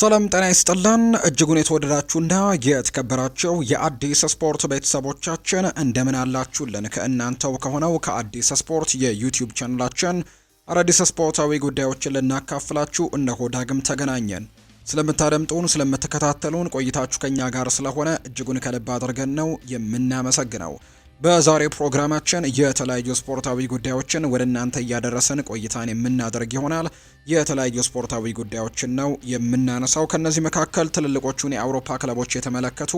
ሰላም ጤና ይስጥልን እጅጉን የተወደዳችሁና የተከበራችሁ የአዲስ ስፖርት ቤተሰቦቻችን እንደምን አላችሁልን? ከእናንተው ከሆነው ከአዲስ ስፖርት የዩቲዩብ ቻናላችን አዳዲስ ስፖርታዊ ጉዳዮችን ልናካፍላችሁ እነሆ ዳግም ተገናኘን። ስለምታደምጡን፣ ስለምትከታተሉን ቆይታችሁ ከኛ ጋር ስለሆነ እጅጉን ከልብ አድርገን ነው የምናመሰግነው። በዛሬው ፕሮግራማችን የተለያዩ ስፖርታዊ ጉዳዮችን ወደ እናንተ እያደረሰን ቆይታን የምናደርግ ይሆናል። የተለያዩ ስፖርታዊ ጉዳዮችን ነው የምናነሳው። ከእነዚህ መካከል ትልልቆቹን የአውሮፓ ክለቦች የተመለከቱ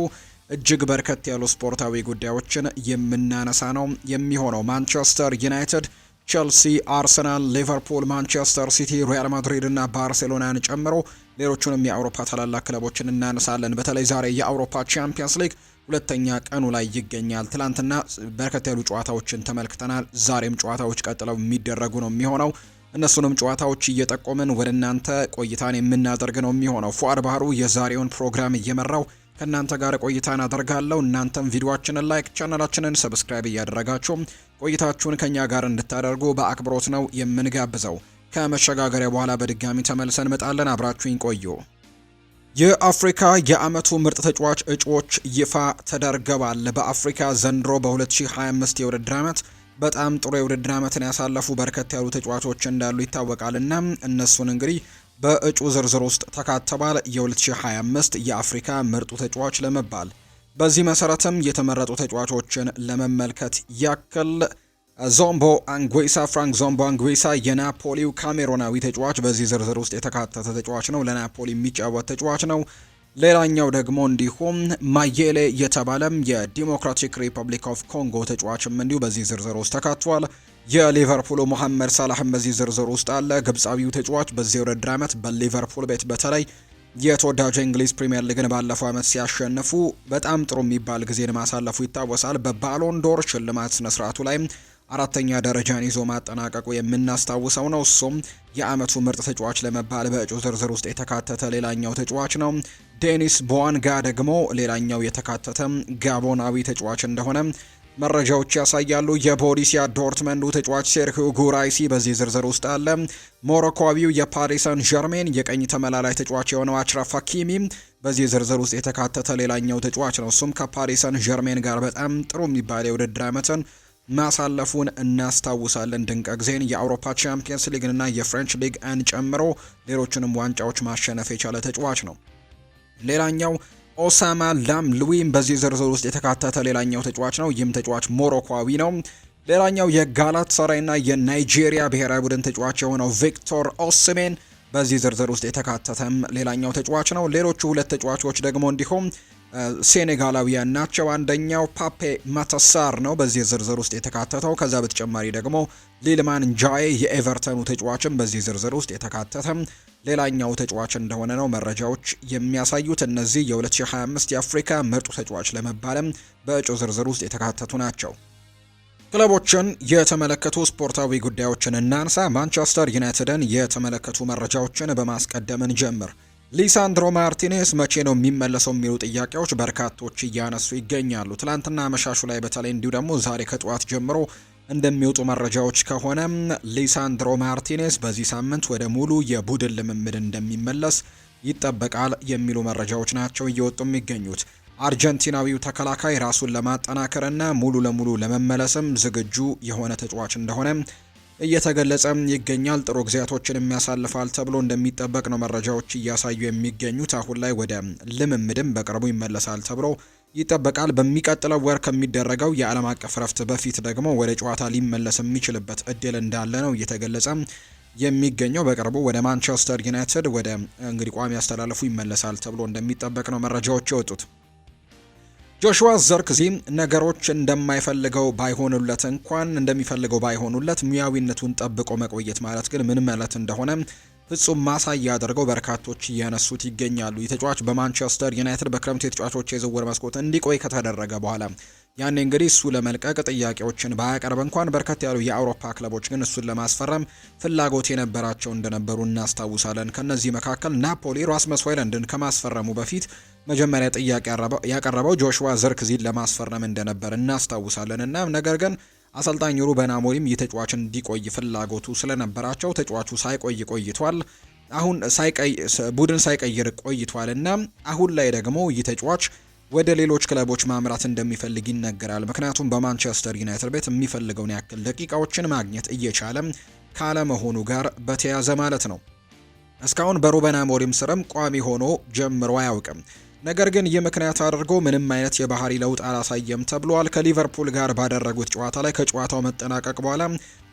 እጅግ በርከት ያሉ ስፖርታዊ ጉዳዮችን የምናነሳ ነው የሚሆነው። ማንቸስተር ዩናይትድ ቸልሲ፣ አርሰናል፣ ሊቨርፑል፣ ማንቸስተር ሲቲ፣ ሪያል ማድሪድ እና ባርሴሎናን ጨምሮ ሌሎቹንም የአውሮፓ ታላላቅ ክለቦችን እናነሳለን። በተለይ ዛሬ የአውሮፓ ቻምፒየንስ ሊግ ሁለተኛ ቀኑ ላይ ይገኛል። ትላንትና በርከት ያሉ ጨዋታዎችን ተመልክተናል። ዛሬም ጨዋታዎች ቀጥለው የሚደረጉ ነው የሚሆነው። እነሱንም ጨዋታዎች እየጠቆምን ወደ እናንተ ቆይታን የምናደርግ ነው የሚሆነው። ፉአድ ባህሩ የዛሬውን ፕሮግራም እየመራው ከእናንተ ጋር ቆይታን አደርጋለሁ። እናንተም ቪዲዮችንን ላይክ፣ ቻናላችንን ሰብስክራይብ እያደረጋችሁ ቆይታችሁን ከእኛ ጋር እንድታደርጉ በአክብሮት ነው የምንጋብዘው። ከመሸጋገሪያ በኋላ በድጋሚ ተመልሰን እንመጣለን። አብራችሁኝ ቆዩ። የአፍሪካ የአመቱ ምርጥ ተጫዋች እጩዎች ይፋ ተደርገዋል። በአፍሪካ ዘንድሮ በ2025 የውድድር ዓመት በጣም ጥሩ የውድድር ዓመትን ያሳለፉ በርከት ያሉ ተጫዋቾች እንዳሉ ይታወቃል እና እነሱን እንግዲህ በእጩ ዝርዝር ውስጥ ተካተዋል። የ2025 የአፍሪካ ምርጡ ተጫዋች ለመባል በዚህ መሰረትም የተመረጡ ተጫዋቾችን ለመመልከት ያክል ዞምቦ አንጉሳ ፍራንክ ዞምቦ አንጉሳ የናፖሊው ካሜሮናዊ ተጫዋች በዚህ ዝርዝር ውስጥ የተካተተ ተጫዋች ነው። ለናፖሊ የሚጫወት ተጫዋች ነው። ሌላኛው ደግሞ እንዲሁም ማየሌ የተባለም የዲሞክራቲክ ሪፐብሊክ ኦፍ ኮንጎ ተጫዋችም እንዲሁ በዚህ ዝርዝር ውስጥ ተካቷል። የሊቨርፑሉ መሐመድ ሳላህም በዚህ ዝርዝር ውስጥ አለ። ግብፃዊው ተጫዋች በዚህ ውድድር ዓመት በሊቨርፑል ቤት በተለይ የተወዳጁ እንግሊዝ ፕሪምየር ሊግን ባለፈው ዓመት ሲያሸንፉ በጣም ጥሩ የሚባል ጊዜን ማሳለፉ ይታወሳል። በባሎንዶር ሽልማት ስነስርዓቱ ላይም አራተኛ ደረጃን ይዞ ማጠናቀቁ የምናስታውሰው ነው። እሱም የአመቱ ምርጥ ተጫዋች ለመባል በእጩ ዝርዝር ውስጥ የተካተተ ሌላኛው ተጫዋች ነው። ዴኒስ ቦዋንጋ ደግሞ ሌላኛው የተካተተ ጋቦናዊ ተጫዋች እንደሆነ መረጃዎች ያሳያሉ። የቦሪሲያ ዶርትመንዱ ተጫዋች ሴርሂዮ ጉራይሲ በዚህ ዝርዝር ውስጥ አለ። ሞሮኮዊው የፓሪስ ሰን ዠርሜን የቀኝ ተመላላይ ተጫዋች የሆነው አችራፍ ሀኪሚ በዚህ ዝርዝር ውስጥ የተካተተ ሌላኛው ተጫዋች ነው። እሱም ከፓሪስ ሰን ዠርሜን ጋር በጣም ጥሩ የሚባል የውድድር ዓመትን ማሳለፉን እናስታውሳለን። ድንቅ ጊዜን የአውሮፓ ቻምፒየንስ ሊግንና የፍሬንች ሊግ አን ጨምሮ ሌሎችንም ዋንጫዎች ማሸነፍ የቻለ ተጫዋች ነው። ሌላኛው ኦሳማ ላም ሉዊም በዚህ ዝርዝር ውስጥ የተካተተ ሌላኛው ተጫዋች ነው። ይህም ተጫዋች ሞሮኳዊ ነው። ሌላኛው የጋላት ሰራይና የናይጄሪያ ብሔራዊ ቡድን ተጫዋች የሆነው ቪክቶር ኦስሜን በዚህ ዝርዝር ውስጥ የተካተተም ሌላኛው ተጫዋች ነው። ሌሎቹ ሁለት ተጫዋቾች ደግሞ እንዲሁም ሴኔጋላዊያን ናቸው። አንደኛው ፓፔ ማተሳር ነው በዚህ ዝርዝር ውስጥ የተካተተው። ከዛ በተጨማሪ ደግሞ ሊልማን ጃይ የኤቨርተኑ ተጫዋችም በዚህ ዝርዝር ውስጥ የተካተተም ሌላኛው ተጫዋች እንደሆነ ነው መረጃዎች የሚያሳዩት። እነዚህ የ2025 የአፍሪካ ምርጡ ተጫዋች ለመባለም በእጩ ዝርዝር ውስጥ የተካተቱ ናቸው። ክለቦችን የተመለከቱ ስፖርታዊ ጉዳዮችን እናንሳ። ማንቸስተር ዩናይትድን የተመለከቱ መረጃዎችን በማስቀደምን ጀምር። ሊሳንድሮ ማርቲኔስ መቼ ነው የሚመለሰው የሚሉ ጥያቄዎች በርካቶች እያነሱ ይገኛሉ። ትላንትና አመሻሹ ላይ በተለይ እንዲሁ ደግሞ ዛሬ ከጠዋት ጀምሮ እንደሚወጡ መረጃዎች ከሆነ ሊሳንድሮ ማርቲኔስ በዚህ ሳምንት ወደ ሙሉ የቡድን ልምምድ እንደሚመለስ ይጠበቃል የሚሉ መረጃዎች ናቸው እየወጡ የሚገኙት። አርጀንቲናዊው ተከላካይ ራሱን ለማጠናከርና ሙሉ ለሙሉ ለመመለስም ዝግጁ የሆነ ተጫዋች እንደሆነ እየተገለጸ ይገኛል። ጥሩ ጊዜያቶችን የሚያሳልፋል ተብሎ እንደሚጠበቅ ነው መረጃዎች እያሳዩ የሚገኙት። አሁን ላይ ወደ ልምምድም በቅርቡ ይመለሳል ተብሎ ይጠበቃል። በሚቀጥለው ወር ከሚደረገው የዓለም አቀፍ ረፍት በፊት ደግሞ ወደ ጨዋታ ሊመለስ የሚችልበት እድል እንዳለ ነው እየተገለጸ የሚገኘው። በቅርቡ ወደ ማንቸስተር ዩናይትድ ወደ እንግዲህ ቋሚ ያስተላለፉ ይመለሳል ተብሎ እንደሚጠበቅ ነው መረጃዎች የወጡት። ጆሹዋ ዘርክዚ ነገሮች እንደማይፈልገው ባይሆኑለት እንኳን እንደሚፈልገው ባይሆኑለት ሙያዊነቱን ጠብቆ መቆየት ማለት ግን ምን ማለት እንደሆነ ፍጹም ማሳያ አድርገው በርካቶች እያነሱት ይገኛሉ። ይህ ተጫዋች በማንቸስተር ዩናይትድ በክረምቱ የተጫዋቾች የዝውውር መስኮት እንዲቆይ ከተደረገ በኋላ ያኔ እንግዲህ እሱ ለመልቀቅ ጥያቄዎችን ባያቀርብ እንኳን በርከት ያሉ የአውሮፓ ክለቦች ግን እሱን ለማስፈረም ፍላጎት የነበራቸው እንደነበሩ እናስታውሳለን። ከነዚህ መካከል ናፖሊ ራስመስ ሆይለንድን ከማስፈረሙ በፊት መጀመሪያ ጥያቄ ያቀረበው ጆሽዋ ዝርክዚን ለማስፈረም እንደነበር እናስታውሳለን እና ነገር ግን አሰልጣኝ ሩበን አሞሪም ይህ ተጫዋች እንዲቆይ ፍላጎቱ ስለነበራቸው ተጫዋቹ ሳይቆይ ቆይቷል። አሁን ቡድን ሳይቀይር ቆይቷልና አሁን ላይ ደግሞ ይህ ተጫዋች ወደ ሌሎች ክለቦች ማምራት እንደሚፈልግ ይነገራል። ምክንያቱም በማንቸስተር ዩናይትድ ቤት የሚፈልገውን ያክል ደቂቃዎችን ማግኘት እየቻለም ካለመሆኑ ጋር በተያያዘ ማለት ነው። እስካሁን በሩበን አሞሪም ስርም ቋሚ ሆኖ ጀምሮ አያውቅም። ነገር ግን ይህ ምክንያት አድርጎ ምንም አይነት የባህሪ ለውጥ አላሳየም ተብሏል። ከሊቨርፑል ጋር ባደረጉት ጨዋታ ላይ ከጨዋታው መጠናቀቅ በኋላ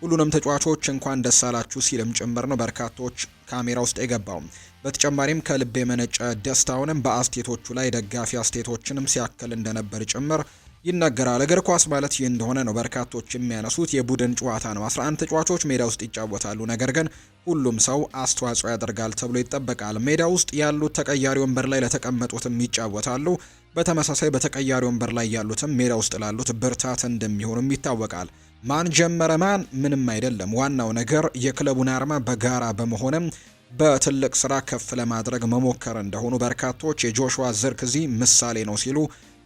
ሁሉንም ተጫዋቾች እንኳን ደስ አላችሁ ሲልም ጭምር ነው በርካቶች ካሜራ ውስጥ የገባው። በተጨማሪም ከልብ የመነጨ ደስታውንም በአስቴቶቹ ላይ ደጋፊ አስቴቶችንም ሲያክል እንደነበር ጭምር ይናገራል። እግር ኳስ ማለት ይህ እንደሆነ ነው በርካቶች የሚያነሱት። የቡድን ጨዋታ ነው። 11 ተጫዋቾች ሜዳ ውስጥ ይጫወታሉ፣ ነገር ግን ሁሉም ሰው አስተዋጽኦ ያደርጋል ተብሎ ይጠበቃል። ሜዳ ውስጥ ያሉት ተቀያሪ ወንበር ላይ ለተቀመጡትም ይጫወታሉ። በተመሳሳይ በተቀያሪ ወንበር ላይ ያሉትም ሜዳ ውስጥ ላሉት ብርታት እንደሚሆኑም ይታወቃል። ማን ጀመረ ማን ምንም አይደለም። ዋናው ነገር የክለቡን አርማ በጋራ በመሆንም በትልቅ ስራ ከፍ ለማድረግ መሞከር እንደሆኑ በርካቶች የጆሹዋ ዘርክዚ ምሳሌ ነው ሲሉ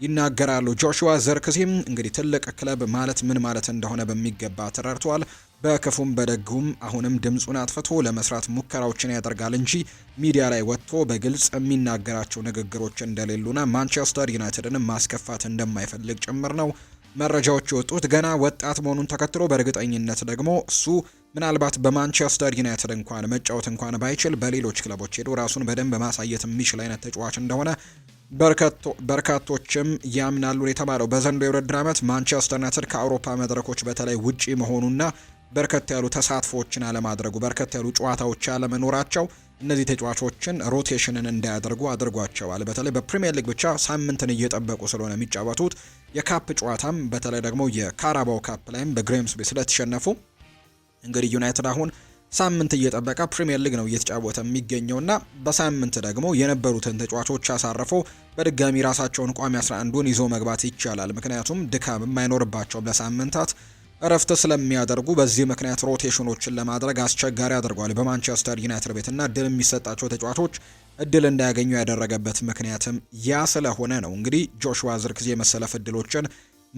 ይናገራሉ። ጆሹዋ ዘርክዚም እንግዲህ ትልቅ ክለብ ማለት ምን ማለት እንደሆነ በሚገባ ተረድቷል። በክፉም በደጉም አሁንም ድምፁን አጥፍቶ ለመስራት ሙከራዎችን ያደርጋል እንጂ ሚዲያ ላይ ወጥቶ በግልጽ የሚናገራቸው ንግግሮች እንደሌሉና ማንቸስተር ዩናይትድንም ማስከፋት እንደማይፈልግ ጭምር ነው መረጃዎች የወጡት ገና ወጣት መሆኑን ተከትሎ በእርግጠኝነት ደግሞ እሱ ምናልባት በማንቸስተር ዩናይትድ እንኳን መጫወት እንኳን ባይችል በሌሎች ክለቦች ሄዶ ራሱን በደንብ ማሳየት የሚችል አይነት ተጫዋች እንደሆነ በርካቶችም ያምናሉ የተባለው በዘንድሮው የውድድር ዓመት ማንቸስተር ዩናይትድ ከአውሮፓ መድረኮች በተለይ ውጪ መሆኑና በርከት ያሉ ተሳትፎዎችን አለማድረጉ፣ በርከት ያሉ ጨዋታዎች አለመኖራቸው እነዚህ ተጫዋቾችን ሮቴሽንን እንዳያደርጉ አድርጓቸዋል። በተለይ በፕሪምየር ሊግ ብቻ ሳምንትን እየጠበቁ ስለሆነ የሚጫወቱት የካፕ ጨዋታም በተለይ ደግሞ የካራባው ካፕ ላይም በግሬምስቢ ስለተሸነፉ እንግዲህ ዩናይትድ አሁን ሳምንት እየጠበቀ ፕሪምየር ሊግ ነው እየተጫወተ የሚገኘውና በሳምንት ደግሞ የነበሩትን ተጫዋቾች አሳርፎ በድጋሚ ራሳቸውን ቋሚ 11ን ይዞ መግባት ይቻላል። ምክንያቱም ድካም የማይኖርባቸው ለሳምንታት እረፍት ስለሚያደርጉ በዚህ ምክንያት ሮቴሽኖችን ለማድረግ አስቸጋሪ አድርጓል። በማንቸስተር ዩናይትድ ቤትና እድል የሚሰጣቸው ተጫዋቾች እድል እንዳያገኙ ያደረገበት ምክንያትም ያ ስለሆነ ነው። እንግዲህ ጆሹዋ ዝርክዚ የመሰለፍ እድሎችን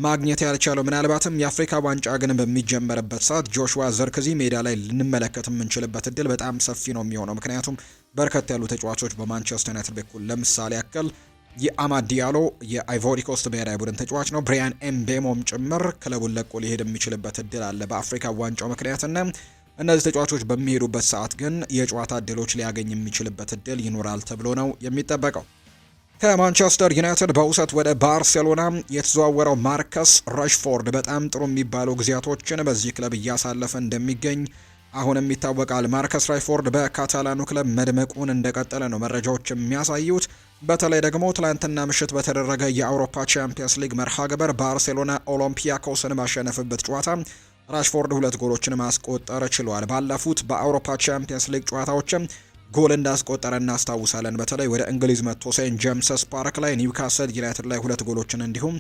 ማግኘት ያልቻለው ምናልባትም የአፍሪካ ዋንጫ ግን በሚጀመርበት ሰዓት ጆሹዋ ዘርክዚ ሜዳ ላይ ልንመለከት የምንችልበት እድል በጣም ሰፊ ነው የሚሆነው። ምክንያቱም በርከት ያሉ ተጫዋቾች በማንቸስተር ዩናይትድ በኩል ለምሳሌ ያክል የአማዲያሎ የአይቮሪኮስት ብሔራዊ ቡድን ተጫዋች ነው። ብሪያን ኤምቤሞም ጭምር ክለቡን ለቆ ሊሄድ የሚችልበት እድል አለ በአፍሪካ ዋንጫው ምክንያትና እነዚህ ተጫዋቾች በሚሄዱበት ሰዓት ግን የጨዋታ እድሎች ሊያገኝ የሚችልበት እድል ይኖራል ተብሎ ነው የሚጠበቀው። ከማንቸስተር ዩናይትድ በውሰት ወደ ባርሴሎና የተዘዋወረው ማርከስ ራሽፎርድ በጣም ጥሩ የሚባሉ ጊዜያቶችን በዚህ ክለብ እያሳለፈ እንደሚገኝ አሁንም ይታወቃል። ማርከስ ራሽፎርድ በካታላኑ ክለብ መድመቁን እንደቀጠለ ነው መረጃዎች የሚያሳዩት። በተለይ ደግሞ ትላንትና ምሽት በተደረገ የአውሮፓ ቻምፒየንስ ሊግ መርሃ ግበር ባርሴሎና ኦሎምፒያኮስን ባሸነፈበት ጨዋታ ራሽፎርድ ሁለት ጎሎችን ማስቆጠር ችሏል። ባለፉት በአውሮፓ ቻምፒየንስ ሊግ ጨዋታዎችም ጎል እንዳስቆጠረ እናስታውሳለን። በተለይ ወደ እንግሊዝ መጥቶ ሴንት ጄምስስ ፓርክ ላይ ኒውካስል ዩናይትድ ላይ ሁለት ጎሎችን እንዲሁም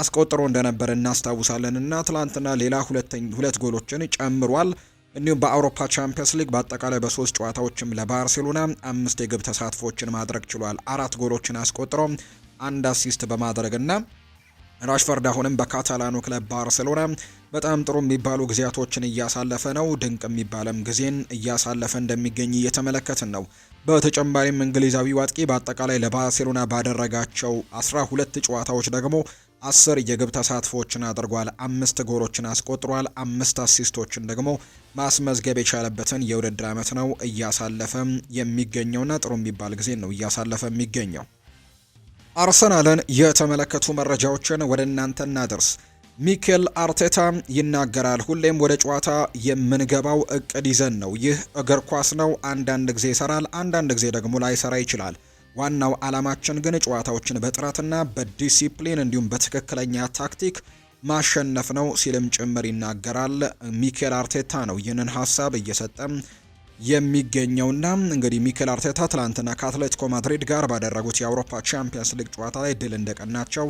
አስቆጥሮ እንደነበር እናስታውሳለን እና ትላንትና ሌላ ሁለት ጎሎችን ጨምሯል። እንዲሁም በአውሮፓ ቻምፒየንስ ሊግ በአጠቃላይ በሶስት ጨዋታዎችም ለባርሴሎና አምስት የግብ ተሳትፎችን ማድረግ ችሏል። አራት ጎሎችን አስቆጥሮ አንድ አሲስት በማድረግና ራሽፈርድ አሁንም በካታላኑ ክለብ ባርሴሎና በጣም ጥሩ የሚባሉ ጊዜያቶችን እያሳለፈ ነው። ድንቅ የሚባለም ጊዜን እያሳለፈ እንደሚገኝ እየተመለከትን ነው። በተጨማሪም እንግሊዛዊ አጥቂ በአጠቃላይ ለባርሴሎና ባደረጋቸው አስራ ሁለት ጨዋታዎች ደግሞ አስር የግብ ተሳትፎዎችን አድርጓል። አምስት ጎሎችን አስቆጥሯል። አምስት አሲስቶችን ደግሞ ማስመዝገብ የቻለበትን የውድድር ዓመት ነው እያሳለፈ የሚገኘውና ጥሩ የሚባል ጊዜ ነው እያሳለፈ የሚገኘው። አርሰናልን የተመለከቱ መረጃዎችን ወደ እናንተ እናደርስ። ሚኬል አርቴታ ይናገራል። ሁሌም ወደ ጨዋታ የምንገባው እቅድ ይዘን ነው። ይህ እግር ኳስ ነው። አንዳንድ ጊዜ ይሰራል፣ አንዳንድ ጊዜ ደግሞ ላይሰራ ይችላል ዋናው ዓላማችን ግን ጨዋታዎችን በጥራትና በዲሲፕሊን እንዲሁም በትክክለኛ ታክቲክ ማሸነፍ ነው ሲልም ጭምር ይናገራል። ሚኬል አርቴታ ነው ይህንን ሀሳብ እየሰጠ የሚገኘውና እንግዲህ ሚኬል አርቴታ ትላንትና ከአትሌቲኮ ማድሪድ ጋር ባደረጉት የአውሮፓ ቻምፒየንስ ሊግ ጨዋታ ላይ ድል እንደቀናቸው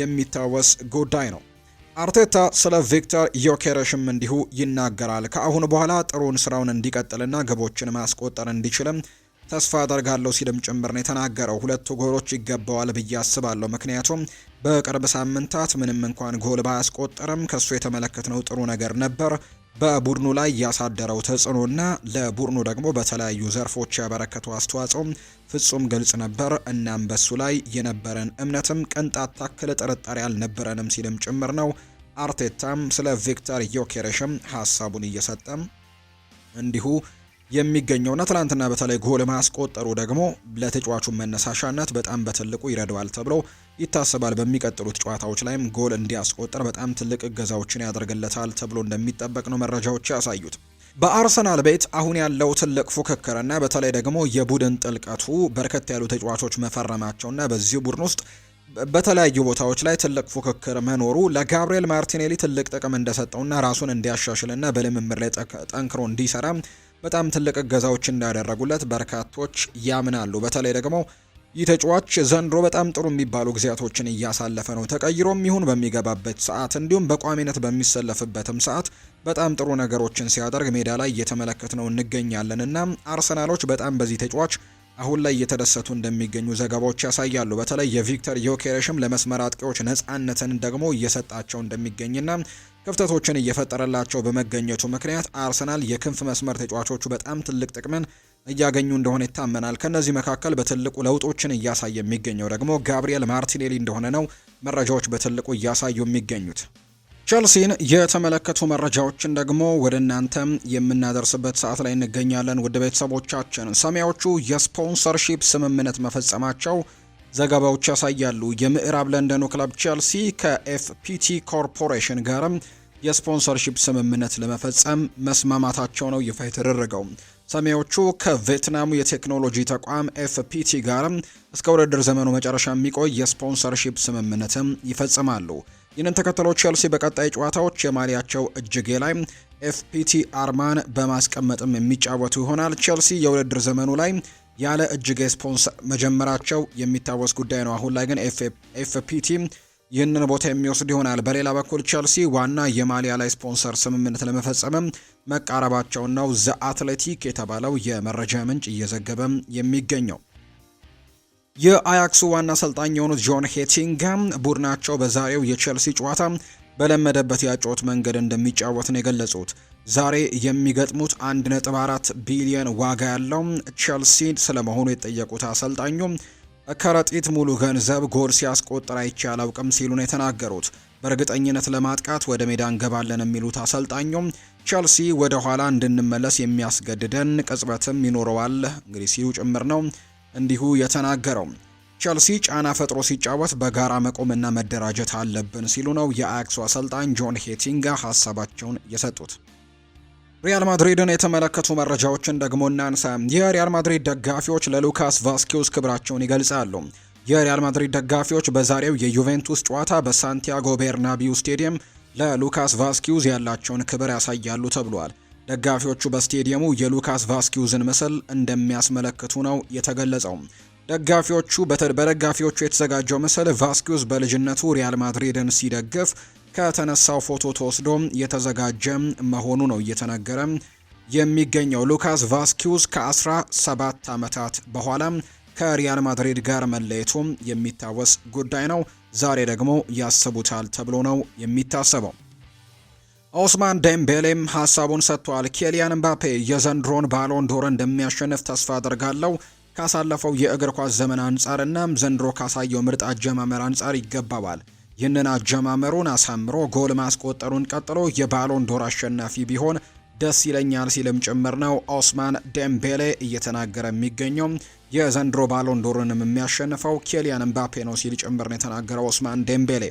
የሚታወስ ጉዳይ ነው። አርቴታ ስለ ቪክተር ዮኬረሽም እንዲሁ ይናገራል። ከአሁን በኋላ ጥሩን ስራውን እንዲቀጥልና ግቦችን ማስቆጠር እንዲችልም ተስፋ አደርጋለሁ ሲልም ጭምር ነው የተናገረው። ሁለቱ ጎሎች ይገባዋል ብዬ አስባለሁ፣ ምክንያቱም በቅርብ ሳምንታት ምንም እንኳን ጎል ባያስቆጠርም ከሱ የተመለከትነው ጥሩ ነገር ነበር። በቡድኑ ላይ ያሳደረው ተጽዕኖና ለቡድኑ ደግሞ በተለያዩ ዘርፎች ያበረከተው አስተዋጽኦም ፍጹም ግልጽ ነበር። እናም በሱ ላይ የነበረን እምነትም ቅንጣት ታክል ጥርጣሬ አልነበረንም ሲልም ጭምር ነው አርቴታም ስለ ቪክተር ዮኬሬሽም ሀሳቡን እየሰጠም እንዲሁ የሚገኘውና ትላንትና በተለይ ጎል ማስቆጠሩ ደግሞ ለተጫዋቹ መነሳሻነት በጣም በትልቁ ይረዳዋል ተብሎ ይታሰባል። በሚቀጥሉት ጨዋታዎች ላይም ጎል እንዲያስቆጠር በጣም ትልቅ እገዛዎችን ያደርግለታል ተብሎ እንደሚጠበቅ ነው መረጃዎች ያሳዩት። በአርሰናል ቤት አሁን ያለው ትልቅ ፉክክርና በተለይ ደግሞ የቡድን ጥልቀቱ በርከት ያሉ ተጫዋቾች መፈረማቸውና በዚህ ቡድን ውስጥ በተለያዩ ቦታዎች ላይ ትልቅ ፉክክር መኖሩ ለጋብሪኤል ማርቲኔሊ ትልቅ ጥቅም እንደሰጠውና ራሱን እንዲያሻሽልና በልምምድ ላይ ጠንክሮ እንዲሰራ በጣም ትልቅ እገዛዎች እንዳደረጉለት በርካቶች ያምናሉ። በተለይ ደግሞ ይህ ተጫዋች ዘንድሮ በጣም ጥሩ የሚባሉ ጊዜያቶችን እያሳለፈ ነው። ተቀይሮም ይሁን በሚገባበት ሰዓት እንዲሁም በቋሚነት በሚሰለፍበትም ሰዓት በጣም ጥሩ ነገሮችን ሲያደርግ ሜዳ ላይ እየተመለከት ነው እንገኛለን እና አርሰናሎች በጣም በዚህ ተጫዋች አሁን ላይ እየተደሰቱ እንደሚገኙ ዘገባዎች ያሳያሉ። በተለይ የቪክተር ዮኬሬሽም ለመስመር አጥቂዎች ነጻነትን ደግሞ እየሰጣቸው እንደሚገኝና ክፍተቶችን እየፈጠረላቸው በመገኘቱ ምክንያት አርሰናል የክንፍ መስመር ተጫዋቾቹ በጣም ትልቅ ጥቅምን እያገኙ እንደሆነ ይታመናል። ከእነዚህ መካከል በትልቁ ለውጦችን እያሳየ የሚገኘው ደግሞ ጋብሪኤል ማርቲኔሊ እንደሆነ ነው መረጃዎች በትልቁ እያሳዩ የሚገኙት። ቸልሲን የተመለከቱ መረጃዎችን ደግሞ ወደ እናንተም የምናደርስበት ሰዓት ላይ እንገኛለን። ውድ ቤተሰቦቻችን ሰማያዎቹ የስፖንሰርሺፕ ስምምነት መፈጸማቸው ዘገባዎች ያሳያሉ። የምዕራብ ለንደኑ ክለብ ቸልሲ ከኤፍፒቲ ኮርፖሬሽን ጋርም የስፖንሰርሺፕ ስምምነት ለመፈጸም መስማማታቸው ነው ይፋ የተደረገው። ሰሜዎቹ ከቬትናሙ የቴክኖሎጂ ተቋም ኤፍፒቲ ጋር እስከ ውድድር ዘመኑ መጨረሻ የሚቆይ የስፖንሰርሺፕ ስምምነትም ይፈጽማሉ። ይህንን ተከትሎ ቼልሲ በቀጣይ ጨዋታዎች የማሊያቸው እጅጌ ላይ ኤፍፒቲ አርማን በማስቀመጥም የሚጫወቱ ይሆናል። ቼልሲ የውድድር ዘመኑ ላይ ያለ እጅጌ ስፖንሰር መጀመራቸው የሚታወስ ጉዳይ ነው። አሁን ላይ ግን ኤፍፒቲ ይህንን ቦታ የሚወስድ ይሆናል። በሌላ በኩል ቸልሲ ዋና የማሊያ ላይ ስፖንሰር ስምምነት ለመፈጸምም መቃረባቸው ነው ዘ አትሌቲክ የተባለው የመረጃ ምንጭ እየዘገበም የሚገኘው። የአያክሱ ዋና አሰልጣኝ የሆኑት ጆን ሄቲንጋም ቡድናቸው በዛሬው የቸልሲ ጨዋታ በለመደበት ያጮት መንገድ እንደሚጫወት ነው የገለጹት። ዛሬ የሚገጥሙት 1.4 ቢሊዮን ዋጋ ያለው ቸልሲ ስለመሆኑ የጠየቁት አሰልጣኙ ከረጢት ሙሉ ገንዘብ ጎል ሲያስቆጥር አይቼ አላውቅም ሲሉ ነው የተናገሩት። በእርግጠኝነት ለማጥቃት ወደ ሜዳ እንገባለን የሚሉት አሰልጣኙም ቸልሲ ወደ ኋላ እንድንመለስ የሚያስገድደን ቅጽበትም ይኖረዋል እንግዲህ ሲሉ ጭምር ነው እንዲሁ የተናገረው። ቸልሲ ጫና ፈጥሮ ሲጫወት በጋራ መቆምና መደራጀት አለብን ሲሉ ነው የአያክሱ አሰልጣኝ ጆን ሄቲንጋ ሀሳባቸውን የሰጡት። ሪያል ማድሪድን የተመለከቱ መረጃዎችን ደግሞ እናንሳ። የሪያል ማድሪድ ደጋፊዎች ለሉካስ ቫስኪውስ ክብራቸውን ይገልጻሉ። የሪያል ማድሪድ ደጋፊዎች በዛሬው የዩቬንቱስ ጨዋታ በሳንቲያጎ ቤርናቢው ስቴዲየም ለሉካስ ቫስኪውዝ ያላቸውን ክብር ያሳያሉ ተብሏል። ደጋፊዎቹ በስቴዲየሙ የሉካስ ቫስኪውዝን ምስል እንደሚያስመለክቱ ነው የተገለጸው። ደጋፊዎቹ በደጋፊዎቹ የተዘጋጀው ምስል ቫስኪውዝ በልጅነቱ ሪያል ማድሪድን ሲደግፍ ከተነሳው ፎቶ ተወስዶ የተዘጋጀ መሆኑ ነው እየተነገረ የሚገኘው። ሉካስ ቫስኪዩስ ከ17 ዓመታት በኋላ ከሪያል ማድሪድ ጋር መለየቱ የሚታወስ ጉዳይ ነው። ዛሬ ደግሞ ያስቡታል ተብሎ ነው የሚታሰበው። ኦስማን ደምቤሌም ሀሳቡን ሰጥቷል። ኬሊያን ምባፔ የዘንድሮን ባሎን ዶር እንደሚያሸንፍ ተስፋ አድርጋለሁ ካሳለፈው የእግር ኳስ ዘመን አንጻርና ዘንድሮ ካሳየው ምርጥ አጀማመር አንጻር ይገባዋል ይህንን አጀማመሩን አሳምሮ ጎል ማስቆጠሩን ቀጥሎ የባሎን ዶር አሸናፊ ቢሆን ደስ ይለኛል ሲልም ጭምር ነው ኦስማን ደምቤሌ እየተናገረ የሚገኘው። የዘንድሮ ባሎን ዶርንም የሚያሸንፈው ኬሊያን ምባፔ ነው ሲል ጭምር ነው የተናገረው ኦስማን ዴምቤሌ።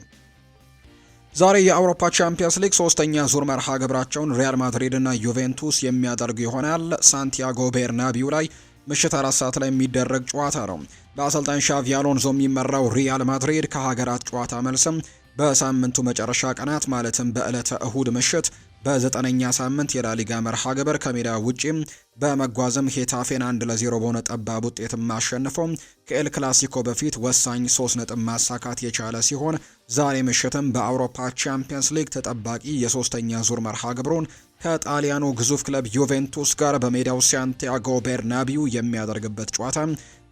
ዛሬ የአውሮፓ ቻምፒየንስ ሊግ ሶስተኛ ዙር መርሃ ግብራቸውን ሪያል ማድሪድ እና ዩቬንቱስ የሚያደርጉ ይሆናል። ሳንቲያጎ ቤርናቢው ላይ ምሽት አራት ሰዓት ላይ የሚደረግ ጨዋታ ነው። በአሰልጣኝ ሻቪ አሎንዞ የሚመራው ሪያል ማድሪድ ከሀገራት ጨዋታ መልስም በሳምንቱ መጨረሻ ቀናት ማለትም በዕለተ እሁድ ምሽት በዘጠነኛ ሳምንት የላሊጋ መርሃ ግብር ከሜዳ ውጪም በመጓዝም ሄታፌን አንድ ለዜሮ በሆነ ጠባብ ውጤት አሸንፎ ከኤል ክላሲኮ በፊት ወሳኝ ሶስት ነጥብ ማሳካት የቻለ ሲሆን ዛሬ ምሽትም በአውሮፓ ቻምፒየንስ ሊግ ተጠባቂ የሶስተኛ ዙር መርሃ ግብሩን ከጣሊያኑ ግዙፍ ክለብ ዩቬንቱስ ጋር በሜዳው ሳንቲያጎ ቤርናቢው የሚያደርግበት ጨዋታ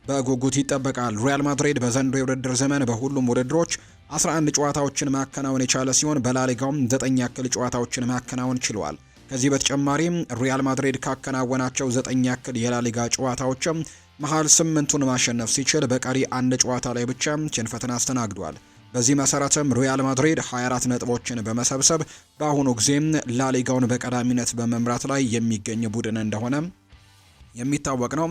በጉጉት ይጠበቃል። ሪያል ማድሪድ በዘንድሮ የውድድር ዘመን በሁሉም ውድድሮች 11 ጨዋታዎችን ማከናወን የቻለ ሲሆን በላሊጋውም 9 ያክል ጨዋታዎችን ማከናወን ችሏል። ከዚህ በተጨማሪም ሪያል ማድሪድ ካከናወናቸው 9 ያክል የላሊጋ ጨዋታዎችም መሃል ስምንቱን ማሸነፍ ሲችል በቀሪ አንድ ጨዋታ ላይ ብቻ ሽንፈትን አስተናግዷል። በዚህ መሰረትም ሪያል ማድሪድ 24 ነጥቦችን በመሰብሰብ በአሁኑ ጊዜም ላሊጋውን በቀዳሚነት በመምራት ላይ የሚገኝ ቡድን እንደሆነ የሚታወቅ ነው።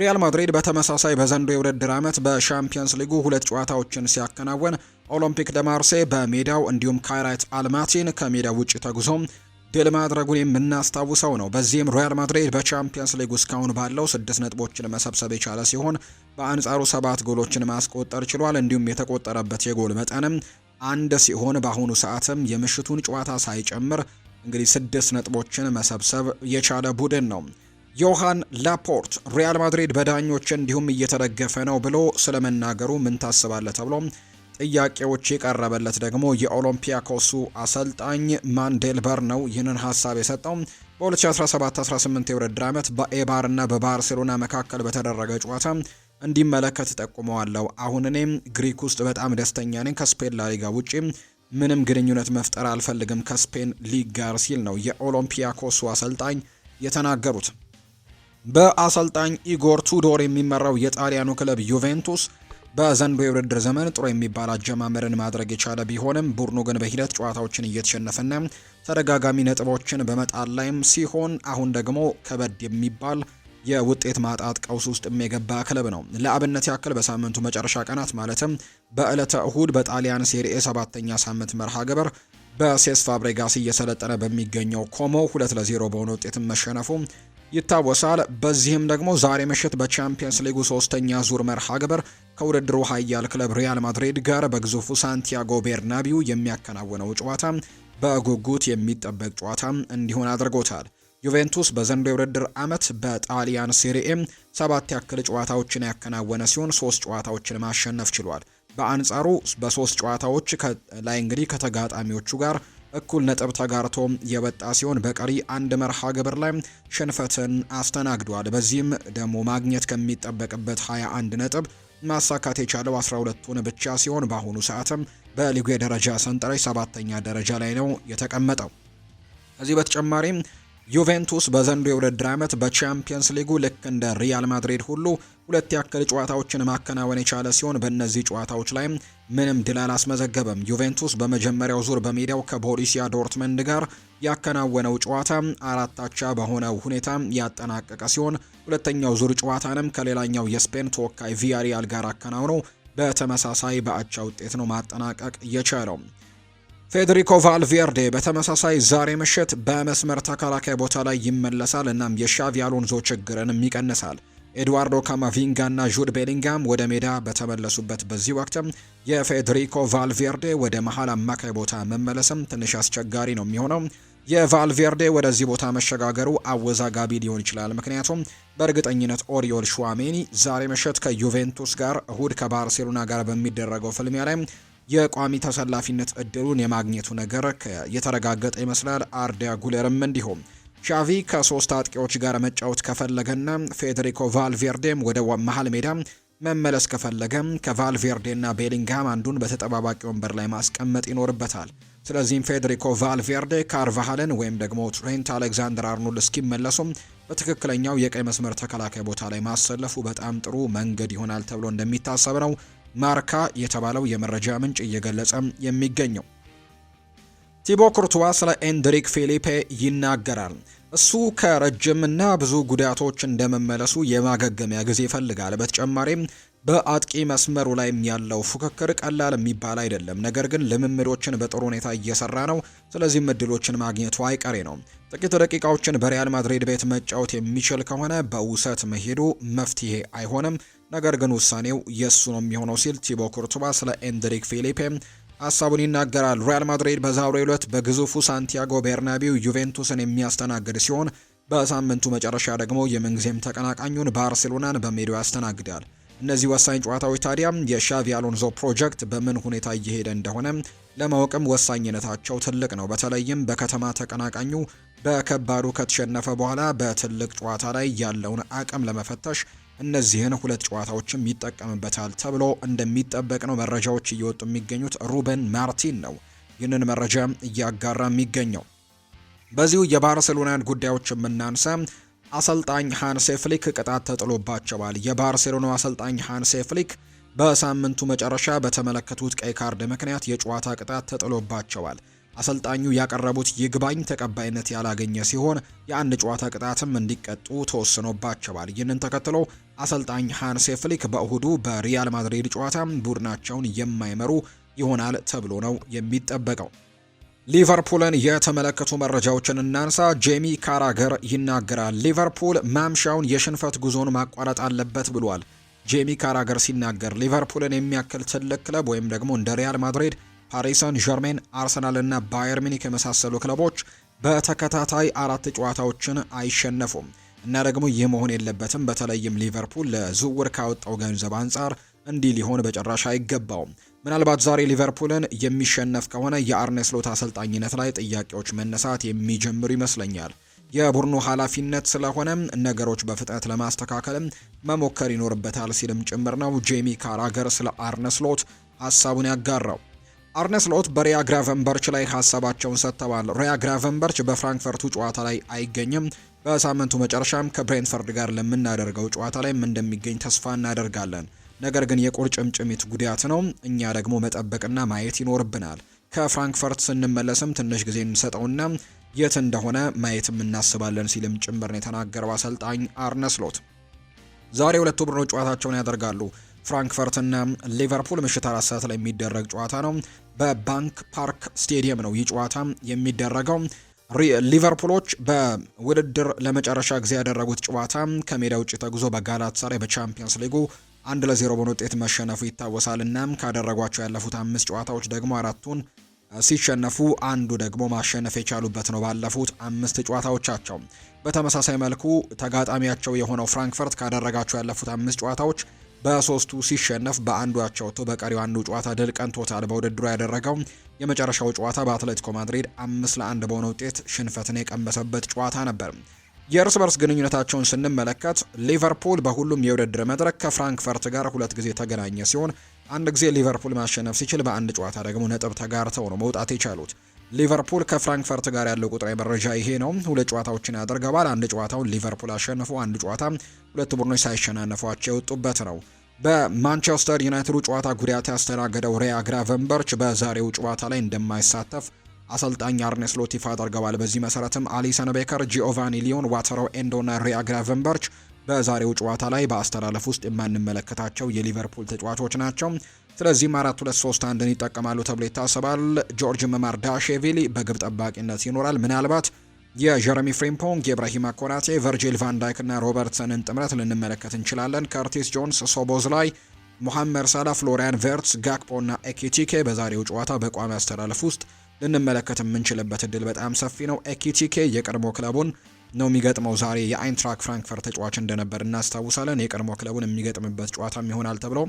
ሪያል ማድሪድ በተመሳሳይ በዘንድሮ የውድድር ዓመት በሻምፒየንስ ሊጉ ሁለት ጨዋታዎችን ሲያከናውን ኦሎምፒክ ደማርሴ በሜዳው እንዲሁም ካይራት አልማቲን ከሜዳው ውጭ ተጉዞ ድል ማድረጉን የምናስታውሰው ነው። በዚህም ሪያል ማድሪድ በቻምፒየንስ ሊግ እስካሁን ባለው ስድስት ነጥቦችን መሰብሰብ የቻለ ሲሆን በአንጻሩ ሰባት ጎሎችን ማስቆጠር ችሏል። እንዲሁም የተቆጠረበት የጎል መጠንም አንድ ሲሆን በአሁኑ ሰዓትም የምሽቱን ጨዋታ ሳይጨምር እንግዲህ ስድስት ነጥቦችን መሰብሰብ የቻለ ቡድን ነው። ዮሃን ላፖርት ሪያል ማድሪድ በዳኞች እንዲሁም እየተደገፈ ነው ብሎ ስለመናገሩ ምን ታስባለ ተብሎ ጥያቄዎች የቀረበለት ደግሞ የኦሎምፒያኮሱ አሰልጣኝ ማንዴልበር ነው ይህንን ሀሳብ የሰጠው። በ2017-18 የውድድር ዓመት በኤባርና በባርሴሎና መካከል በተደረገ ጨዋታ እንዲመለከት ጠቁመዋለሁ። አሁን እኔም ግሪክ ውስጥ በጣም ደስተኛ ነኝ። ከስፔን ላሊጋ ውጪ ምንም ግንኙነት መፍጠር አልፈልግም ከስፔን ሊግ ጋር ሲል ነው የኦሎምፒያኮሱ አሰልጣኝ የተናገሩት። በአሰልጣኝ ኢጎር ቱዶር የሚመራው የጣሊያኑ ክለብ ዩቬንቱስ በዘንድሮ የውድድር ዘመን ጥሩ የሚባል አጀማመርን ማድረግ የቻለ ቢሆንም ቡድኑ ግን በሂደት ጨዋታዎችን እየተሸነፈና ተደጋጋሚ ነጥቦችን በመጣል ላይም ሲሆን አሁን ደግሞ ከበድ የሚባል የውጤት ማጣት ቀውስ ውስጥ የገባ ክለብ ነው። ለአብነት ያክል በሳምንቱ መጨረሻ ቀናት ማለትም በዕለተ እሁድ በጣሊያን ሴሪኤ ሰባተኛ ሳምንት መርሃ ግብር በሴስ ፋብሬጋስ እየሰለጠነ በሚገኘው ኮሞ ሁለት ለዜሮ በሆነ ውጤት መሸነፉ ይታወሳል። በዚህም ደግሞ ዛሬ ምሽት በቻምፒየንስ ሊጉ ሶስተኛ ዙር መርሃ ግብር ከውድድሩ ኃያል ክለብ ሪያል ማድሪድ ጋር በግዙፉ ሳንቲያጎ ቤርናቢው የሚያከናውነው ጨዋታ በጉጉት የሚጠበቅ ጨዋታ እንዲሆን አድርጎታል። ዩቬንቱስ በዘንድሮው የውድድር ዓመት በጣሊያን ሴሪኤ ሰባት ያክል ጨዋታዎችን ያከናወነ ሲሆን ሶስት ጨዋታዎችን ማሸነፍ ችሏል። በአንጻሩ በሶስት ጨዋታዎች ላይ እንግዲህ ከተጋጣሚዎቹ ጋር እኩል ነጥብ ተጋርቶ የወጣ ሲሆን በቀሪ አንድ መርሃ ግብር ላይ ሽንፈትን አስተናግዷል። በዚህም ደግሞ ማግኘት ከሚጠበቅበት 21 ነጥብ ማሳካት የቻለው 12ቱን ብቻ ሲሆን በአሁኑ ሰዓትም በሊጉ የደረጃ ሰንጠረዥ ሰባተኛ ደረጃ ላይ ነው የተቀመጠው። ከዚህ በተጨማሪም ዩቬንቱስ በዘንድሮው የውድድር ዓመት በቻምፒየንስ ሊጉ ልክ እንደ ሪያል ማድሪድ ሁሉ ሁለት ያክል ጨዋታዎችን ማከናወን የቻለ ሲሆን በእነዚህ ጨዋታዎች ላይም ምንም ድል አላስመዘገበም። ዩቬንቱስ በመጀመሪያው ዙር በሜዳው ከቦሪሲያ ዶርትመንድ ጋር ያከናወነው ጨዋታ አራታቻ በሆነ ሁኔታ ያጠናቀቀ ሲሆን ሁለተኛው ዙር ጨዋታንም ከሌላኛው የስፔን ተወካይ ቪያሪያል ጋር አከናውነው በተመሳሳይ በአቻ ውጤት ነው ማጠናቀቅ የቻለው። ፌዴሪኮ ቫልቬርዴ በተመሳሳይ ዛሬ ምሽት በመስመር ተከላካይ ቦታ ላይ ይመለሳል እናም የሻቪ አሎንዞ ችግርንም ይቀንሳል። ኤድዋርዶ ካማቪንጋ እና ጁድ ቤሊንጋም ወደ ሜዳ በተመለሱበት በዚህ ወቅትም የፌዴሪኮ ቫልቬርዴ ወደ መሀል አማካይ ቦታ መመለስም ትንሽ አስቸጋሪ ነው የሚሆነው። የቫልቬርዴ ወደዚህ ቦታ መሸጋገሩ አወዛጋቢ ሊሆን ይችላል። ምክንያቱም በእርግጠኝነት ኦሪዮል ሹዋሜኒ ዛሬ ምሽት ከዩቬንቱስ ጋር፣ እሁድ ከባርሴሎና ጋር በሚደረገው ፍልሚያ ላይ የቋሚ ተሰላፊነት እድሉን የማግኘቱ ነገር የተረጋገጠ ይመስላል። አርዳ ጉለርም እንዲሁም ሻቪ ከሶስት አጥቂዎች ጋር መጫወት ከፈለገና ፌዴሪኮ ቫልቬርዴም ወደ መሀል ሜዳ መመለስ ከፈለገ ከቫልቬርዴና ቤሊንግሃም አንዱን በተጠባባቂ ወንበር ላይ ማስቀመጥ ይኖርበታል። ስለዚህም ፌዴሪኮ ቫልቬርዴ ካርቫሃልን ወይም ደግሞ ትሬንት አሌክዛንደር አርኖልድ እስኪመለሱም በትክክለኛው የቀይ መስመር ተከላካይ ቦታ ላይ ማሰለፉ በጣም ጥሩ መንገድ ይሆናል ተብሎ እንደሚታሰብ ነው ማርካ የተባለው የመረጃ ምንጭ እየገለጸ የሚገኘው። ቲቦ ኩርቱዋ ስለ ኤንድሪክ ፊሊፔ ይናገራል። እሱ ከረጅምና ብዙ ጉዳቶች እንደመመለሱ የማገገሚያ ጊዜ ይፈልጋል። በተጨማሪም በአጥቂ መስመሩ ላይም ያለው ፉክክር ቀላል የሚባል አይደለም። ነገር ግን ልምምዶችን በጥሩ ሁኔታ እየሰራ ነው። ስለዚህም እድሎችን ማግኘቱ አይቀሬ ነው። ጥቂት ደቂቃዎችን በሪያል ማድሪድ ቤት መጫወት የሚችል ከሆነ በውሰት መሄዱ መፍትሄ አይሆንም። ነገር ግን ውሳኔው የእሱ ነው የሚሆነው ሲል ቲቦ ኩርቱባ ስለ ኤንድሪክ ፊሊፔ ሀሳቡን ይናገራል። ሪያል ማድሪድ በዛሬው ዕለት በግዙፉ ሳንቲያጎ ቤርናቢው ዩቬንቱስን የሚያስተናግድ ሲሆን በሳምንቱ መጨረሻ ደግሞ የምንጊዜም ተቀናቃኙን ባርሴሎናን በሜዳው ያስተናግዳል። እነዚህ ወሳኝ ጨዋታዎች ታዲያ የሻቪ አሎንዞ ፕሮጀክት በምን ሁኔታ እየሄደ እንደሆነ ለማወቅም ወሳኝነታቸው ትልቅ ነው። በተለይም በከተማ ተቀናቃኙ በከባዱ ከተሸነፈ በኋላ በትልቅ ጨዋታ ላይ ያለውን አቅም ለመፈተሽ እነዚህን ሁለት ጨዋታዎችም ይጠቀምበታል ተብሎ እንደሚጠበቅ ነው መረጃዎች እየወጡ የሚገኙት። ሩበን ማርቲን ነው ይህንን መረጃ እያጋራ የሚገኘው። በዚሁ የባርሴሎናን ጉዳዮች የምናንሳ አሰልጣኝ ሃንሴ ፍሊክ ቅጣት ተጥሎባቸዋል። የባርሴሎናው አሰልጣኝ ሃንሴ ፍሊክ በሳምንቱ መጨረሻ በተመለከቱት ቀይ ካርድ ምክንያት የጨዋታ ቅጣት ተጥሎባቸዋል። አሰልጣኙ ያቀረቡት ይግባኝ ተቀባይነት ያላገኘ ሲሆን የአንድ ጨዋታ ቅጣትም እንዲቀጡ ተወስኖባቸዋል። ይህንን ተከትሎ አሰልጣኝ ሃንሴ ፍሊክ በእሁዱ በሪያል ማድሪድ ጨዋታ ቡድናቸውን የማይመሩ ይሆናል ተብሎ ነው የሚጠበቀው። ሊቨርፑልን የተመለከቱ መረጃዎችን እናንሳ። ጄሚ ካራገር ይናገራል። ሊቨርፑል ማምሻውን የሽንፈት ጉዞን ማቋረጥ አለበት ብሏል። ጄሚ ካራገር ሲናገር ሊቨርፑልን የሚያክል ትልቅ ክለብ ወይም ደግሞ እንደ ሪያል ማድሪድ ፓሪሰን ዠርሜን፣ አርሰናል እና ባየር ሚኒክ የመሳሰሉ ክለቦች በተከታታይ አራት ጨዋታዎችን አይሸነፉም እና ደግሞ ይህ መሆን የለበትም። በተለይም ሊቨርፑል ለዝውውር ካወጣው ገንዘብ አንጻር እንዲህ ሊሆን በጭራሽ አይገባውም። ምናልባት ዛሬ ሊቨርፑልን የሚሸነፍ ከሆነ የአርነ ስሎት አሰልጣኝነት ላይ ጥያቄዎች መነሳት የሚጀምሩ ይመስለኛል። የቡድኑ ኃላፊነት ስለሆነ ነገሮች በፍጥነት ለማስተካከልም መሞከር ይኖርበታል ሲልም ጭምር ነው ጄሚ ካራገር ስለ አርነ ስሎት ሀሳቡን ያጋራው። አርነ ስሎት በሪያ ግራቨንበርች ላይ ሀሳባቸውን ሰጥተዋል። ሪያ ግራቨንበርች በፍራንክፈርቱ ጨዋታ ላይ አይገኝም። በሳምንቱ መጨረሻም ከብሬንፈርድ ጋር ለምናደርገው ጨዋታ ላይም እንደሚገኝ ተስፋ እናደርጋለን። ነገር ግን የቁርጭምጭሚት ጉዳት ነው። እኛ ደግሞ መጠበቅና ማየት ይኖርብናል። ከፍራንክፈርት ስንመለስም ትንሽ ጊዜ እንሰጠውና የት እንደሆነ ማየትም እናስባለን ሲልም ጭምር ነው የተናገረው አሰልጣኝ አርነ ስሎት። ዛሬ ሁለቱ ቡድኖች ጨዋታቸውን ያደርጋሉ። ፍራንክፈርትና ሊቨርፑል ምሽት አራት ሰዓት ላይ የሚደረግ ጨዋታ ነው። በባንክ ፓርክ ስቴዲየም ነው ይህ ጨዋታ የሚደረገው። ሊቨርፑሎች በውድድር ለመጨረሻ ጊዜ ያደረጉት ጨዋታ ከሜዳ ውጭ ተጉዞ በጋላታሳራይ በቻምፒየንስ ሊጉ አንድ ለዜሮ በሆነ ውጤት መሸነፉ ይታወሳል። እናም ካደረጓቸው ያለፉት አምስት ጨዋታዎች ደግሞ አራቱን ሲሸነፉ አንዱ ደግሞ ማሸነፍ የቻሉበት ነው ባለፉት አምስት ጨዋታዎቻቸው። በተመሳሳይ መልኩ ተጋጣሚያቸው የሆነው ፍራንክፈርት ካደረጋቸው ያለፉት አምስት ጨዋታዎች በሶስቱ ሲሸነፍ በአንዱ አቻ ወጥቶ በቀሪው አንዱ ጨዋታ ድል ቀንቶታል። በውድድሩ ያደረገው የመጨረሻው ጨዋታ በአትሌቲኮ ማድሪድ አምስት ለአንድ በሆነ ውጤት ሽንፈትን የቀመሰበት ጨዋታ ነበር። የእርስ በርስ ግንኙነታቸውን ስንመለከት ሊቨርፑል በሁሉም የውድድር መድረክ ከፍራንክፈርት ጋር ሁለት ጊዜ ተገናኘ ሲሆን አንድ ጊዜ ሊቨርፑል ማሸነፍ ሲችል በአንድ ጨዋታ ደግሞ ነጥብ ተጋርተው ነው መውጣት የቻሉት። ሊቨርፑል ከፍራንክፈርት ጋር ያለው ቁጥራዊ መረጃ ይሄ ነው። ሁለት ጨዋታዎችን ያደርገዋል። አንድ ጨዋታውን ሊቨርፑል አሸንፎ፣ አንድ ጨዋታ ሁለት ቡድኖች ሳይሸናነፏቸው የወጡበት ነው። በማንቸስተር ዩናይትዱ ጨዋታ ጉዳት ያስተናገደው ሪያ ግራቨንበርች በዛሬው ጨዋታ ላይ እንደማይሳተፍ አሰልጣኝ አርኔ ስሎት ይፋ አድርገዋል። በዚህ መሰረትም አሊሰን ቤከር፣ ጂኦቫኒ ሊዮን፣ ዋተሮ ኤንዶና ሪያ ግራቨንበርች በዛሬው ጨዋታ ላይ በአስተላለፍ ውስጥ የማንመለከታቸው የሊቨርፑል ተጫዋቾች ናቸው። ስለዚህም አራት ሁለት ሶስት አንድን ይጠቀማሉ ተብሎ ይታሰባል። ጆርጅ መማር ዳሼቪሊ በግብ ጠባቂነት ይኖራል። ምናልባት የጀረሚ ፍሪምፖንግ፣ የኢብራሂማ ኮናቴ፣ ቨርጂል ቫንዳይክ እና ሮበርትሰንን ጥምረት ልንመለከት እንችላለን። ከርቲስ ጆንስ፣ ሶቦዝ ላይ ሞሐመድ ሳላ፣ ፍሎሪያን ቬርትስ፣ ጋክፖ እና ኤኪቲኬ በዛሬው ጨዋታ በቋሚ አስተላለፍ ውስጥ ልንመለከት የምንችልበት እድል በጣም ሰፊ ነው። ኤኪቲኬ የቀድሞ ክለቡን ነው የሚገጥመው ዛሬ የአይንትራክ ፍራንክፈርት ተጫዋች እንደነበር እናስታውሳለን። የቀድሞ ክለቡን የሚገጥምበት ጨዋታም ይሆናል ተብሎ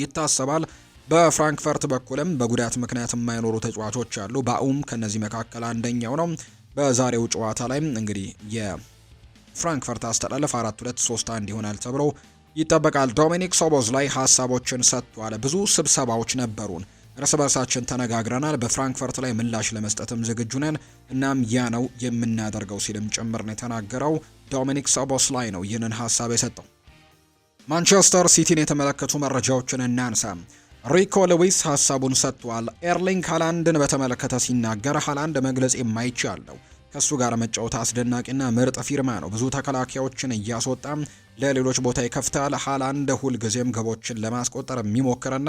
ይታሰባል። በፍራንክፈርት በኩልም በጉዳት ምክንያት የማይኖሩ ተጫዋቾች አሉ። በአውም ከነዚህ መካከል አንደኛው ነው። በዛሬው ጨዋታ ላይም እንግዲህ የፍራንክፈርት አስተላለፍ አራት ሁለት ሶስት አንድ ይሆናል ተብሎ ይጠበቃል። ዶሚኒክ ሶቦዝ ላይ ሀሳቦችን ሰጥቷል። ብዙ ስብሰባዎች ነበሩን እርስ በርሳችን ተነጋግረናል። በፍራንክፈርት ላይ ምላሽ ለመስጠትም ዝግጁ ነን። እናም ያ ነው የምናደርገው ሲልም ጭምር ነው የተናገረው። ዶሚኒክ ላይ ነው ይህንን ሀሳብ የሰጠው። ማንቸስተር ሲቲን የተመለከቱ መረጃዎችን እናንሳ። ሪኮ ሉዊስ ሀሳቡን ሰጥቷል። ኤርሊንግ ሃላንድን በተመለከተ ሲናገር ሃላንድ መግለጽ የማይቻል ነው። ከእሱ ጋር መጫወት አስደናቂና ምርጥ ፊርማ ነው። ብዙ ተከላካዮችን እያስወጣም ለሌሎች ቦታ ይከፍታል። ሃላንድ ሁልጊዜም ግቦችን ለማስቆጠር የሚሞክርና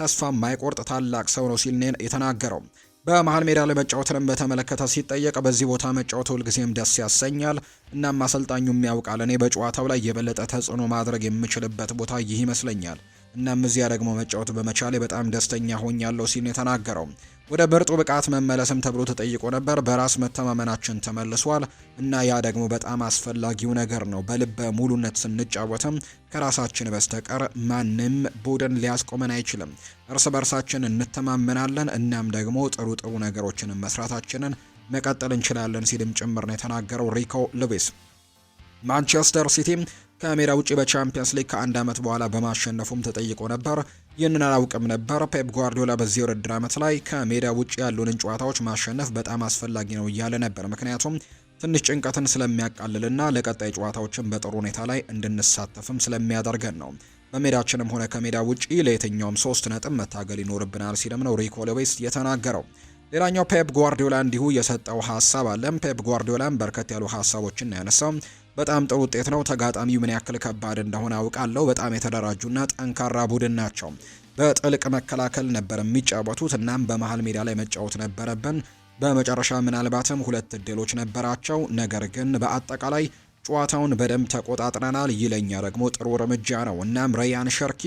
ተስፋ የማይቆርጥ ታላቅ ሰው ነው ሲል የተናገረው በመሀል ሜዳ ላይ መጫወትንም በተመለከተ ሲጠየቅ በዚህ ቦታ መጫወት ሁልጊዜም ደስ ያሰኛል፣ እናም አሰልጣኙም የሚያውቃል እኔ በጨዋታው ላይ የበለጠ ተጽዕኖ ማድረግ የምችልበት ቦታ ይህ ይመስለኛል እናም እዚያ ደግሞ መጫወት በመቻሌ በጣም ደስተኛ ሆኛለሁ ሲል የተናገረው ወደ ምርጡ ብቃት መመለስም ተብሎ ተጠይቆ ነበር። በራስ መተማመናችን ተመልሷል እና ያ ደግሞ በጣም አስፈላጊው ነገር ነው። በልበ ሙሉነት ስንጫወትም ከራሳችን በስተቀር ማንም ቡድን ሊያስቆመን አይችልም። እርስ በርሳችን እንተማመናለን። እናም ደግሞ ጥሩ ጥሩ ነገሮችንም መስራታችንን መቀጠል እንችላለን ሲልም ጭምር ነው የተናገረው ሪኮ ሉዊስ። ማንቸስተር ሲቲ ከሜዳ ውጪ በቻምፒየንስ ሊግ ከአንድ ዓመት በኋላ በማሸነፉም ተጠይቆ ነበር። ይህንን አላውቅም ነበር። ፔፕ ጓርዲዮላ በዚህ ውድድር ዓመት ላይ ከሜዳ ውጭ ያሉንን ጨዋታዎች ማሸነፍ በጣም አስፈላጊ ነው እያለ ነበር። ምክንያቱም ትንሽ ጭንቀትን ስለሚያቃልልና ለቀጣይ ጨዋታዎችን በጥሩ ሁኔታ ላይ እንድንሳተፍም ስለሚያደርገን ነው። በሜዳችንም ሆነ ከሜዳ ውጪ ለየትኛውም ሶስት ነጥብ መታገል ይኖርብናል ሲልም ነው ሪኮ የተናገረው። ሌላኛው ፔፕ ጓርዲዮላ እንዲሁ የሰጠው ሀሳብ አለ። ፔፕ ጓርዲዮላን በርከት ያሉ ሀሳቦችን ነው ያነሳው። በጣም ጥሩ ውጤት ነው። ተጋጣሚው ምን ያክል ከባድ እንደሆነ አውቃለሁ። በጣም የተደራጁና ጠንካራ ቡድን ናቸው። በጥልቅ መከላከል ነበር የሚጫወቱት። እናም በመሀል ሜዳ ላይ መጫወት ነበረብን። በመጨረሻ ምናልባትም ሁለት እድሎች ነበራቸው፣ ነገር ግን በአጠቃላይ ጨዋታውን በደንብ ተቆጣጥረናል። ይለኛ ደግሞ ጥሩ እርምጃ ነው። እናም ሬያን ሸርኪ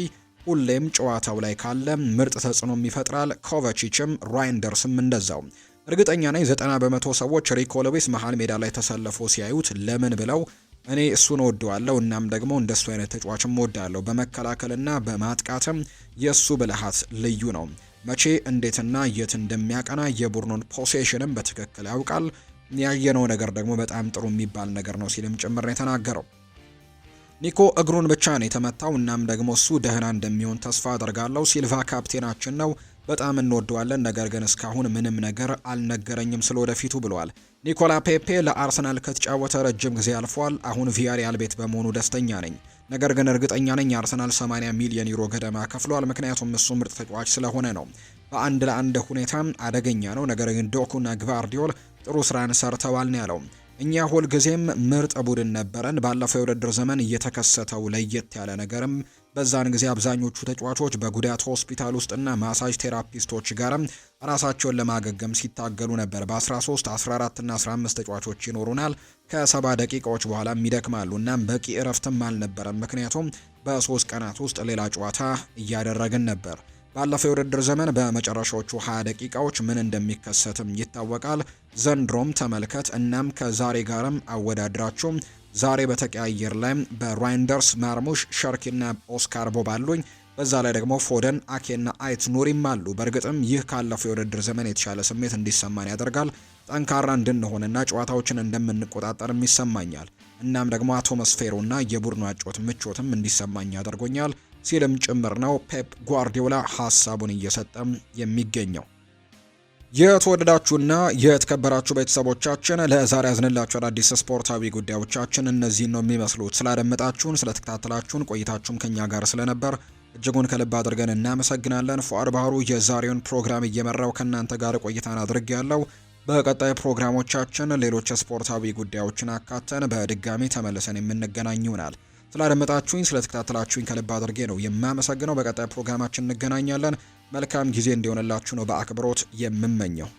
ሁሌም ጨዋታው ላይ ካለ ምርጥ ተጽዕኖም ይፈጥራል። ኮቫቺችም ራይንደርስም እንደዛው። እርግጠኛ ነኝ ዘጠና በመቶ ሰዎች ሪኮ ሎዊስ መሀል ሜዳ ላይ ተሰልፎ ሲያዩት ለምን ብለው እኔ እሱን ወደዋለሁ። እናም ደግሞ እንደሱ አይነት ተጫዋችም ወዳለሁ። በመከላከልና በማጥቃትም የእሱ ብልሃት ልዩ ነው። መቼ እንዴትና የት እንደሚያቀና የቡድኑን ፖሴሽንም በትክክል ያውቃል። ያየነው ነገር ደግሞ በጣም ጥሩ የሚባል ነገር ነው ሲልም ጭምር ነው የተናገረው። ኒኮ እግሩን ብቻ ነው የተመታው። እናም ደግሞ እሱ ደህና እንደሚሆን ተስፋ አደርጋለሁ። ሲልቫ ካፕቴናችን ነው፣ በጣም እንወደዋለን። ነገር ግን እስካሁን ምንም ነገር አልነገረኝም ስለ ወደፊቱ ብሏል። ኒኮላ ፔፔ ለአርሰናል ከተጫወተ ረጅም ጊዜ አልፏል። አሁን ቪያሪያል ቤት በመሆኑ ደስተኛ ነኝ። ነገር ግን እርግጠኛ ነኝ አርሰናል 80 ሚሊዮን ዩሮ ገደማ ከፍሏል። ምክንያቱም እሱ ምርጥ ተጫዋች ስለሆነ ነው። በአንድ ለአንድ ሁኔታም አደገኛ ነው። ነገር ግን ዶኩና ግቫርዲዮል ጥሩ ስራን ሰርተዋል ነው ያለው። እኛ ጊዜም ምርጥ ቡድን ነበረን። ባለፈው የውድድር ዘመን እየተከሰተው ለየት ያለ ነገርም በዛን ጊዜ አብዛኞቹ ተጫዋቾች በጉዳት ሆስፒታል ውስጥና ማሳጅ ቴራፒስቶች ጋርም ራሳቸውን ለማገገም ሲታገሉ ነበር። በ13 14 እና 15 ተጫዋቾች ይኖሩናል። ከሰባ ደቂቃዎች በኋላም ይደክማሉ። እናም በቂ እረፍትም አልነበረም፣ ምክንያቱም በሶስት ቀናት ውስጥ ሌላ ጨዋታ እያደረግን ነበር። ባለፈው የውድድር ዘመን በመጨረሻዎቹ 20 ደቂቃዎች ምን እንደሚከሰትም ይታወቃል። ዘንድሮም ተመልከት። እናም ከዛሬ ጋርም አወዳድራችሁም ዛሬ በተቀያየር ላይ በራይንደርስ ማርሙሽ፣ ሸርኪና ኦስካር ቦባሉኝ በዛ ላይ ደግሞ ፎደን አኬና አይት ኑሪም አሉ። በእርግጥም ይህ ካለፈው የውድድር ዘመን የተሻለ ስሜት እንዲሰማን ያደርጋል። ጠንካራ እንድንሆንና ጨዋታዎችን እንደምንቆጣጠርም ይሰማኛል። እናም ደግሞ አቶሞስፌሩና የቡድኑ አጮት ምቾትም እንዲሰማኝ ያደርጎኛል። ሲልም ጭምር ነው ፔፕ ጓርዲዮላ ሀሳቡን እየሰጠም የሚገኘው። የተወደዳችሁና የተከበራችሁ ቤተሰቦቻችን ለዛሬ ያዝንላችሁ አዳዲስ ስፖርታዊ ጉዳዮቻችን እነዚህን ነው የሚመስሉት። ስላደመጣችሁን፣ ስለተከታተላችሁን ቆይታችሁም ከኛ ጋር ስለነበር እጅጉን ከልብ አድርገን እናመሰግናለን። ፉአድ ባህሩ የዛሬውን ፕሮግራም እየመራው ከእናንተ ጋር ቆይታን አድርግ ያለው በቀጣይ ፕሮግራሞቻችን ሌሎች ስፖርታዊ ጉዳዮችን አካተን በድጋሚ ተመልሰን የምንገናኝ ይሆናል። ስላደመጣችሁኝ፣ ስለተከታተላችሁኝ ከልብ አድርጌ ነው የማመሰግነው። በቀጣይ ፕሮግራማችን እንገናኛለን። መልካም ጊዜ እንዲሆንላችሁ ነው በአክብሮት የምመኘው።